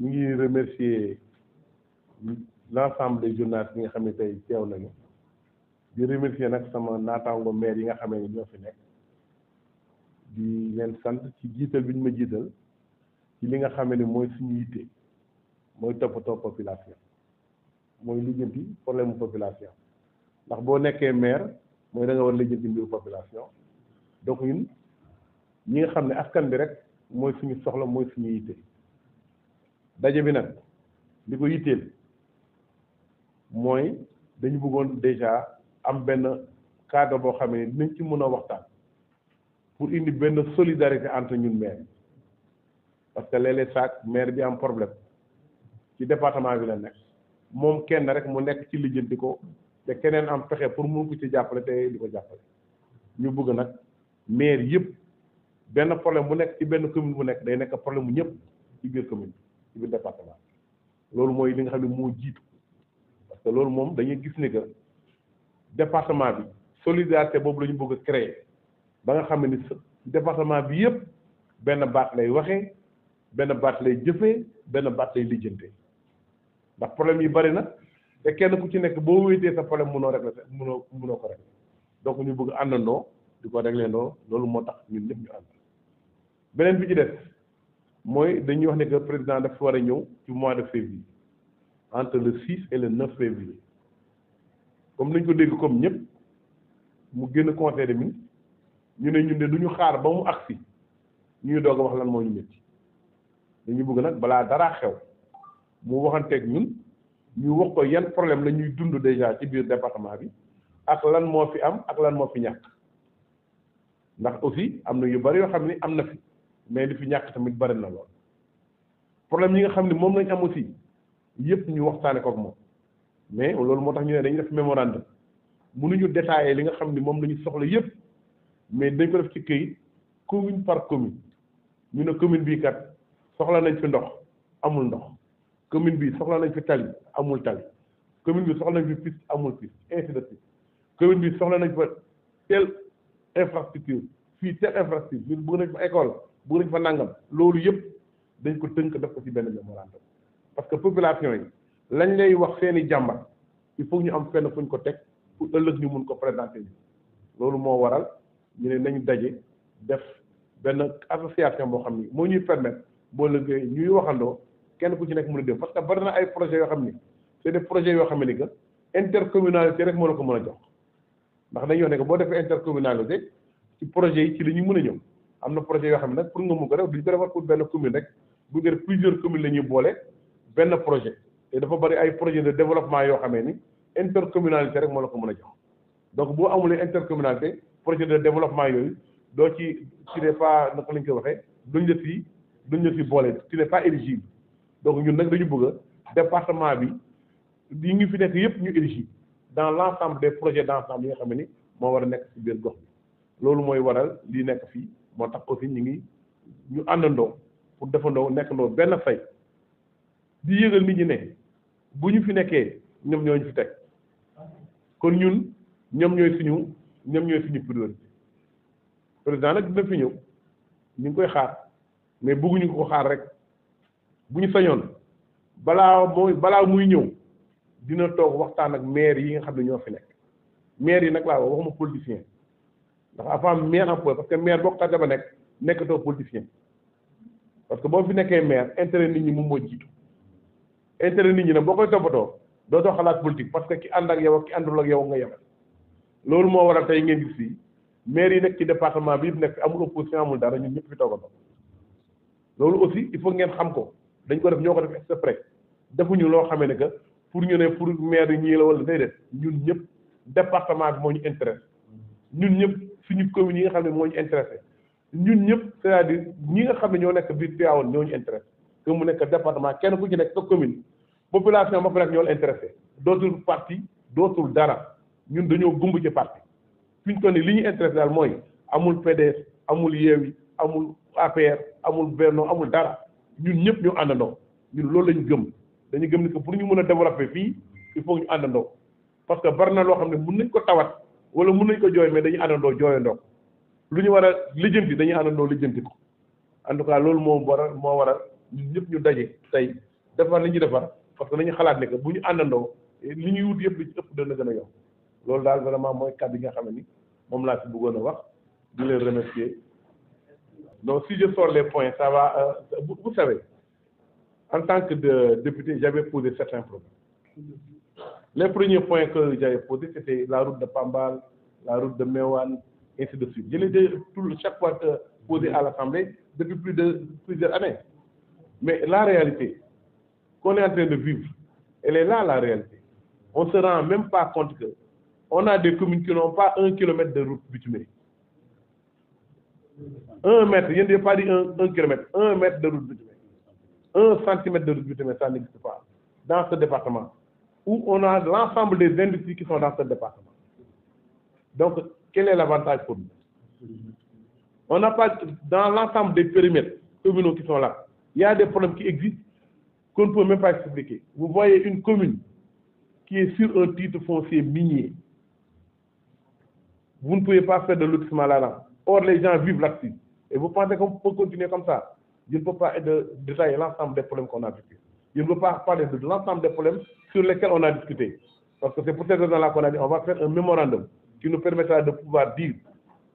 ñu ngi remercier l'ensemble des journalistes yi nga xam ne tey teew nañu di remercier nag sama naataango maire yi nga xam ne ñoo fi nekk di leen sant ci jiital bi ñu ma jiital ci li nga xamee ne mooy suñu yitte mooy toppatoo population mooy lijjanti problème mu population ndax boo nekkee maire mooy da nga war lijjanti mbiru population donc ñun ñi nga xam ne askan bi rek mooy suñu soxla mooy suñu yitte. daje bi nag li ko yitteel mooy dañu bëggoon déjà am benn cadre boo xam ne dinañ ci mën a waxtaan pour indi benn solidarité entre ñun maire parce que léeg-léeg saak maire bi am problème ci département bi la nekk moom kenn rek mu nekk ci di ko te keneen am pexe pour mun ko ci jàppale te di ko jàppale ñu bëgg nag maire yëpp benn problème bu nekk ci benn commune bu nekk day nekk problème bu ñëpp ci biir commune ci biir département loolu mooy li nga xam ne moo jiitu parce que loolu moom dañuy gis ne que département bi solidarité boobu lañu bëgg a créer ba nga xam ne département bi yëpp benn baat lay waxee benn baat lay jëfee benn baat lay lijjante ndax problème yi bari na te kenn ku ci nekk boo wéetee sa problème munoo régler mënoo mënoo ko régler donc ñu bëgg àndandoo di ko régler loolu moo tax ñun ñëpp ñu ànd beneen bi ci def mooy dañuy wax ne que président dafa war a ñëw ci mois de février entre le 6 et le 9 février comme lañu ko dégg comme ñëpp mu génn conseil des ministres ñu ne ñun de du ñu xaar ba mu agsi ñu doog a wax lan moo ñu métti dañu bëgg nag balaa dara xew mu waxanteeg ñun ñu wax ko yan problème la ñuy dund déjà ci biir département bi ak lan moo fi am ak lan moo fi ñàkk ndax aussi am na yu bari yoo xam ni am na fi. mais li fi ñàkk tamit bari na lool problème yi nga xam ne moom lañ am aussi yëpp ñu waxtaane ko ak moom mais loolu moo tax ñu ne dañu def mémorandum ñu détailler li nga xam ni moom la ñu soxla yëpp mais dañ ko def ci këyit commune par commune ñu ne commune bii kat soxla nañ fi ndox amul ndox commune bi soxla nañ fi tali amul tali commune bi soxla nañ fi piste amul piste ainsi commune bi soxla nañ fa telle infrastructure fii telle infrastructure ñun bëgg école bëgg nañ fa nangam loolu yëpp dañ ko tënk def ko ci benn mémorandum parce que population yi lañ lay wax seeni jàmbat il faut ñu am fenn fuñ ko teg ëllëg ñu mun ko présenter bi loolu moo waral ñu ne nañ daje def benn association boo xam ni moo ñuy permettre boo lëggee ñuy waxandoo kenn ku ci nekk mën a dégg que bari na ay projets yoo xam ni c'est yoo xam ne ni que intercommunalité rek moo la ko mën a jox ndax dañuy wax ne boo defee intercommunalité ci projet yi ci la ñu mën a ñëw am na projet yoo xam ne nag pour nga mun ko def duñ ko defar pour benn commune rek bu ñu plusieurs communes la boole benn projet te dafa bari ay projet de développement yoo xamee ni intercommunalité rek moo la ko mën a jox donc boo amulee intercommunalité projet de développement yooyu doo ci tu n'es pas naka lañ koy waxee duñ la si duñ la si boole tu n'es pas éligible donc ñun nag dañu bëgg département bi yi ngi fi nekk yëpp ñu éligible dans l'ensemble des projets d'ensemble yi nga xam ne ni moo war a nekk ci biir loolu mooy waral li nekk fii moo tax aussi ñu ngi ñu àndandoo pour defandoo nekkandoo benn say di yëgal nit ñi ne bu ñu fi nekkee ñoom ñoo ñu teg kon ñun ñoom ñooy suñu ñoom ñooy suñu priorité président nag dina fi ñëw ñu ngi koy xaar mais bëgguñu ko xaar rek bu ñu sañoon balaa mooy balaa muy ñëw dina toog waxtaan ak maire yi nga xam ne ñoo fi nekk maire yi nag laa wax waxuma politicien ndax avant maire am parce que maire boo xam ne nekk nekkatoo politicien parce que boo fi nekkee maire intérêt nit ñi moom moo jiitu intérêt nit ñi nag boo koy toppatoo doo doo xalaat politique parce que ki ànd ak yow ak ki àndul ak yow nga yemal loolu moo a tey ngeen gis fii maire yi nekk ci département bi yëpp nekk amul opposition dara ñun ñëpp fi toogandoo loolu aussi il faut ngeen xam ko dañ ko def ñoo ko def exprès defuñu loo xamee ne que pour ñu ne pour maire yi ñii la wala déedéet ñun ñëpp département moo ñu intérêt ñun ñëpp. suñu communes ñi nga xam ne moo ñu intéressé ñun ñëpp c'est-à-dire ñi nga xam ne ñoo nekk biir awoon ñoo ñu intéressé que mu nekk département kenn ku ci nekk sa commune population ba fa nekk ñoo la intéressé dootul parti dootul dara ñun dañoo gumb ci parti fi ñu ko ni li ñu intéressé daal mooy amul PDS amul Yewwi amul APR amul Benno amul dara ñun ñëpp ñu àndandoo ñun loolu lañu gëm dañu gëm ni ko pour ñu mën a développer fii il faut ñu àndandoo parce que bari na loo xam ne mën nañ ko tawat wala mën nañ ko jooy mais dañuy àndandoo jooyandoo ko lu ñu war a lijjanti dañuy àndandoo lijjanti ko en tout cas loolu moo war a moo war a ñun ñu daje tey defar li ñuy defar parce que nañu xalaat ne que bu ñu àndandoo li ñu wut yëpp li ci ëpp dana gën a yomb loolu daal vraiment mooy kàddu yi nga xam ne ni moom laa ci bëggoon a wax di leen remercier donc si je les points ça va euh, vous savez en tant que de député j'avais posé certains problèmes Les premiers points que j'avais posés, c'était la route de Pambal, la route de Mewan, et de suite. Je l'ai déjà chaque fois posé à l'Assemblée depuis plus de plusieurs années. la réalité qu'on est en de vivre, elle est là, la réalité. On ne se rend même pas compte que on a des communes qui n'ont pas un kilomètre de route bitumée. Un mètre, je n'ai pas dit un, un, kilomètre, un mètre de route bitumée. Un centimètre de route bitumée, ça n'existe pas dans ce département. où on a l'ensemble des industries qui sont dans ce département. Donc, quel est l'avantage pour On n'a pas, dans l'ensemble des périmètres communaux qui sont là, il y a des problèmes qui existent qu'on ne peut même pas expliquer. Vous voyez une commune qui est sur un titre foncier minier. Vous ne pouvez pas de lotissement là-dedans. Or, les la vivent là-dessus. Et vous pensez qu'on peut continuer comme ça Je ne peux pas détailler l'ensemble des problèmes qu'on a vécu. je ne veux l parler de l'ensemble des problèmes on a discuté. Parce que c'est pour cette raison a dit on va faire un mémorandum qui nous permettra de pouvoir dire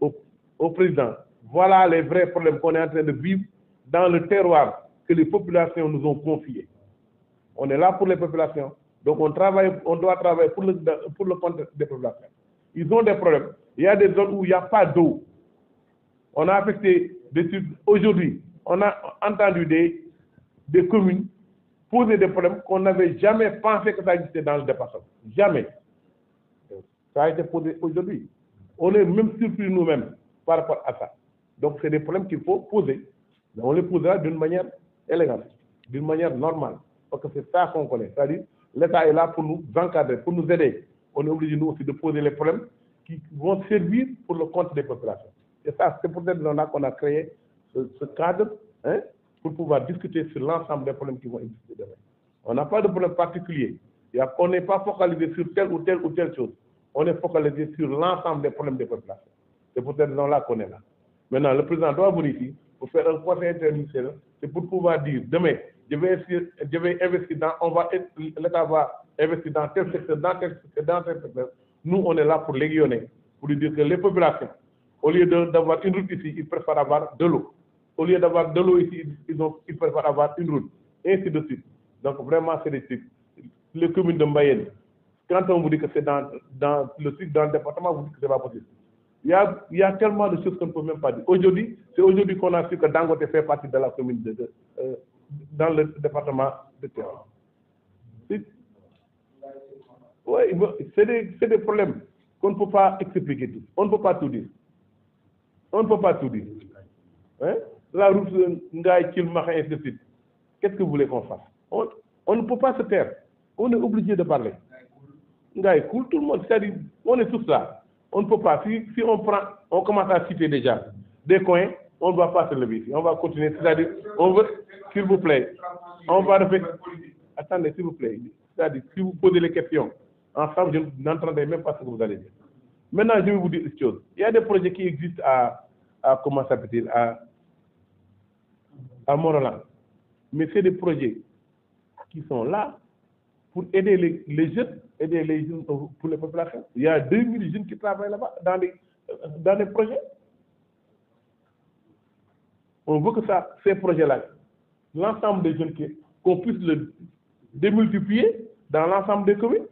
au, au président voilà les vrais problèmes qu'on est de vivre dans le terroir que les populations nous ont confié. On est là pour les populations, donc on travaille, on doit travailler pour le, pour le compte des populations. Ils ont des problèmes. y a des zones où il a pas d'eau. On a affecté des Aujourd'hui, on a entendu des, des communes poser des problèmes qu'on n'avait jamais pensé que ça existait dans le département. Jamais. Ça a été posé aujourd'hui. On est même surpris nous-mêmes par rapport à ça. Donc, c'est des problèmes qu'il faut poser. Mais on les posera d'une manière élégante, d'une manière normale. Parce que c'est ça qu'on connaît. C'est-à-dire, l'État est là pour nous encadrer, pour nous aider. On est obligé, nous aussi, de poser les problèmes qui vont servir pour le compte des populations. Et ça, c'est pour cette raison-là qu'on a créé ce, ce cadre hein, pour pouvoir discuter sur l'ensemble des problèmes qui vont exister demain. On n'a pas de problème particulier. On n'est pas focalisé sur telle ou telle ou telle chose. On est focalisé sur l'ensemble des problèmes des populations. C'est pour cette raison-là qu'on est là. Maintenant, le président doit venir ici pour faire un conseil interministériel. C'est pour pouvoir dire demain, je vais, dans, on va, l'État va investir dans tel dans tel secteur, dans tel secteur. Nous, on est là pour légionner, pour lui dire que les populations, au lieu d'avoir de l'eau ici, ils, ont, ils préfèrent avoir une route, et ainsi de suite. Donc vraiment, c'est des types. Les communes de Mbayenne, quand on dans, dans, le sud, dans le département, vous dites que c'est pas possible. y a, y a tellement de choses qu'on ne peut même pas dire. Aujourd'hui, c'est aujourd'hui qu'on a su que Dangote fait de la commune de, euh, dans le département de Terre. Oui, c'est des, des problèmes qu'on ne peut pas expliquer tout. On ne peut pas tout dire. On ne peut pas tout dire. Hein? la route Ngaye-Thil Makha ainsi de suite qu'est-ce que vous voulez qu'on fasse on on ne se taire on est obligé de parler Ngaye coule tout le monde cest on est tous là on ne peut si si on prend on commence à citer déjà des coins on ne va pas se lever on va continuer c'est-à-dire on veut s'il vous plaît on va répéter attendez s'il vous plaît c'est-à-dire si vous posez les questions ensemble je n'entendrai même pas ce que vous allez dire maintenant je vais vous dire une chose y a des projets qui existent à à comment sappelle t à Morolan. Mais c'est des projets qui sont là pour aider les, les jeunes, aider les jeunes pour les populations. Il y a 2000 jeunes qui travaillent là-bas dans les, euh, dans les projets. On veut que ça, ces projets-là, l'ensemble des jeunes, qu'on puisse le démultiplier dans l'ensemble des communes.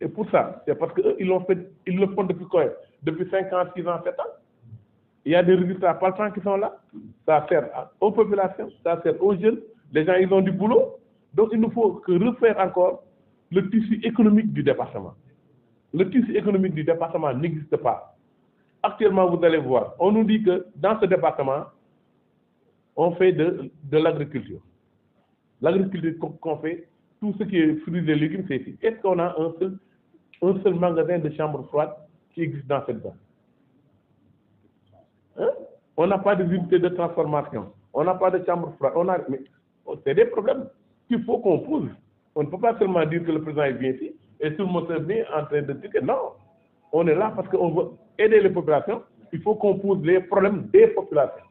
Et pour ça, c'est parce qu'ils l'ont fait, ils le font depuis quoi Depuis 5 ans, 6 ans, 7 ans. il y a des résultats palpants qui sont là ça o aux populations ça sert aux jeunes les gens ils ont du boulot donc il nous faut que refaire encore le tissu économique du département le tissu économique du département n'existe pas actuellement vous allez voir on nous di que dans ce département on fait de de l l'agriculture qu'on fait tout ce qui est fruits et légumes c'est ici est-ce un seul un seul magasin de chambre froide ki existe dans cette zone on n'a pas d'unité de transformation, on de chambre on a... Mais oh, c'est des problèmes qu'il faut On ne peut pas seulement dire que le président est bien ici et tout le monde est bien en train de dire que non, on est là parce qu'on veut aider les populations, il faut qu'on pose les problèmes des populations.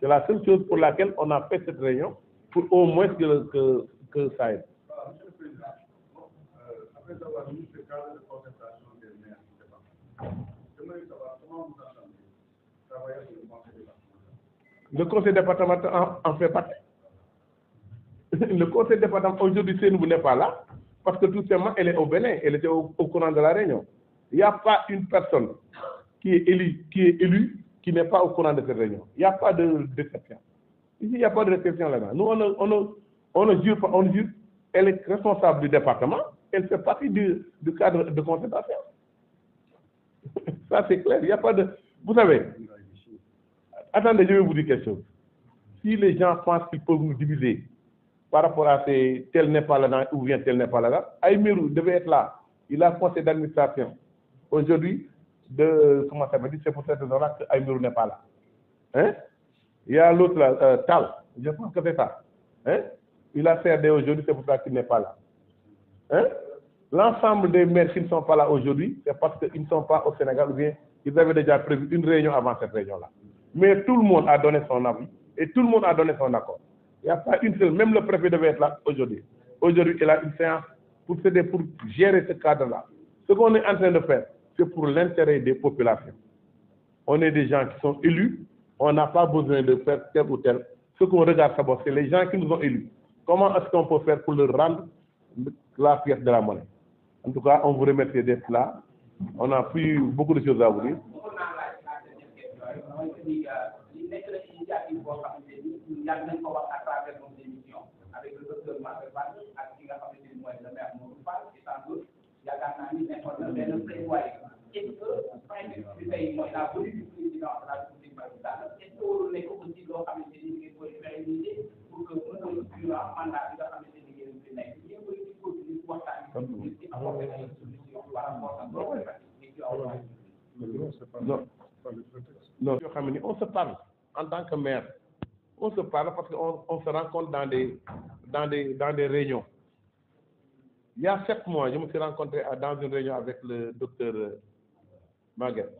C'est la seule chose pour laquelle on a fait cette réunion, pour au moins que, que, que ça aide. Monsieur le Président, euh, après avoir mis ce cadre de concertation des maires, je voudrais savoir comment vous entendez travailler sur le le conseil départemental en, en fait partie. le conseil départemental aujourd'hui Seynabou n'est pas là parce que tout simplement elle est au Bénin elle était de la réunion il a pas une personne qui est élue qui est élue qui n'est de cette réunion il a pas de déception ici a pas de déception là-bas nous on ne on ne on ne jure pas on jure elle est responsable du département elle fait partie du du cadre de concertation ça c'est clair il a pas de vous Attendez, je vais vous dire quelque chose. Si les gens pensent qu'ils peuvent nous diviser par rapport à ces tel n'est pas là ou bien tel n'est pas là, Aïmirou devait être là. Il a conseil de comment ça veut dire, c'est pour cette raison-là que Aïmirou n'est pas là. Hein? Il y a l'autre euh, Tal, je pense que c'est ça. Hein? Il a fait aujourd'hui, c'est pour ça qu'il n'est pas là. Hein? L'ensemble des maires qui ne sont pas là aujourd'hui, c'est parce qu'ils ne sont pas au Sénégal ou bien ils avaient déjà prévu une mais tout le monde a donné son avis tout le monde a donné son accord. Il n'y a pas une seule, même le préfet devait être là aujourd'hui. Aujourd'hui, il a une séance pour céder, pour gérer ce cadre-là. Ce qu'on est en train de faire, c'est pour l'intérêt des populations. On est des gens qui sont élus, on n'a pas besoin de faire tel ou tel. Ce qu'on regarde d'abord, c'est les gens qui nous ont élus. Comment est-ce qu'on peut faire pour leur rendre la pièce de la monnaie En tout cas, on vous remercie d'être On a pu beaucoup de choses à vous dire. mooy que ni li nekk na initiative boo xamante ni yàgg nañ ko wax à travers nos émissions avec le docteur Mbacar Ba ak ki nga xamante ni mooy le maire Modou Fall ci tantôt yaakaar naa ni nekkoon na benn plaidoyer est-ce que principe bi tey mooy la politique du président de la République Macky Sall est-ce que warul nekk aussi loo xamante ni ngeen koy pérenniser pour que mu koy durant mandat bi nga xamante ni ngeen fi nekk ngeen koy ci continuer waxtaan yi ci apporter ay solution par rapport ak loolu non yoo xam ne on se parle en tant que maire se parle parce que on on se rencontre dans des dans des dans des réunions y a sept mois je me suis rencontré dans une réunion avec le docteur euh, Maguette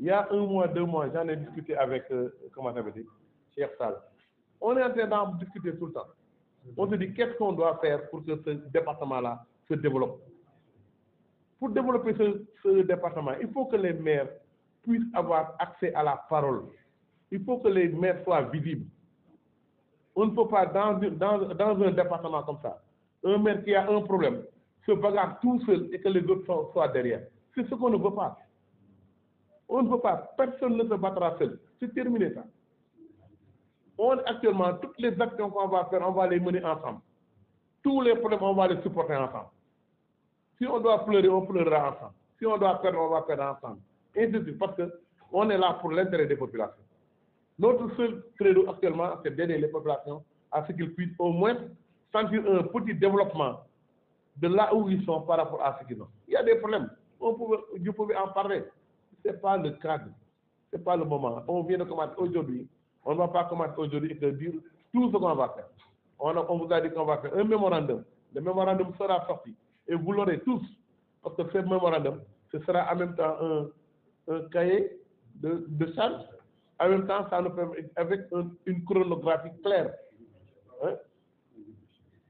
y a un mois de mois j'en ai discuté avec euh, comment ça veut dire Cheikh Sall on est en train d'en discuter tout le temps on se dit qu'est-ce qu'on doit faire pour que la département-là se développe pour développer ce, ce département il faut que les maires puissent avoir accès à la parole. Il faut que les maires soient visibles. On ne peut pas, dans, dans, dans un département comme ça, un maire qui a un problème, se bagarre tout seul et que les autres soient, soient derrière. C'est ce qu'on ne veut pas. On ne veut pas. Personne ne se battra seul. C'est terminé ça. On, actuellement, toutes les actions qu'on va on va les mener ensemble. Tous les on va les supporter Si on doit pleurer, on pleurera ensemble. Si on doit perdre, on va perdre ensemble. injustice parce que on est là pour l'intérêt des populations notre seul credo actuellement c'est d'aider les populations à ce qu'ils puissent au petit développement de là où ils sont par rapport à ce qu'ils ont il on pouvait je pouvais en parler c'est pas le cadre c'est pas le moment on vient de commencer aujourd'hui on ne va pas commencer aujourd'hui et te dire tout ce qu'on on a on vous a dit qu'on va faire un le mémorandum sera sorti et vous tous parce que ce mémorandum sera en un cahier de, de charge. En même temps, ça nous permet, avec un, une chronographie claire. Hein?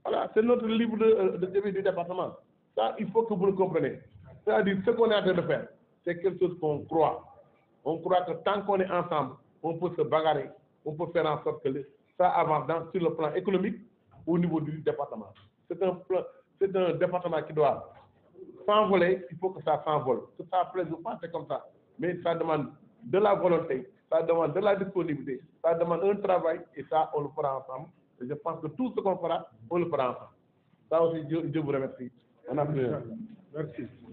Voilà, c'est notre livre de, de début du département. Ça, il faut que vous le compreniez. C'est-à-dire, ce qu'on est en train de faire, c'est quelque chose qu'on croit. On croit que tant qu'on est ensemble, on peut se bagarrer, on peut faire en sorte que le, ça avance dans, sur le plan économique au niveau du département. C'est un, c'est un département qui doit s'envoler, il faut que ça s'envole. Que ça ou pas, c'est comme ça. mais ça demande de la volonté, ça demande de la disponibilité, ça demande un travail et ça, on le je pense que tout ce qu'on fera, on le fera ensemble. Ça aussi, Dieu, remercie. On a plus. Merci.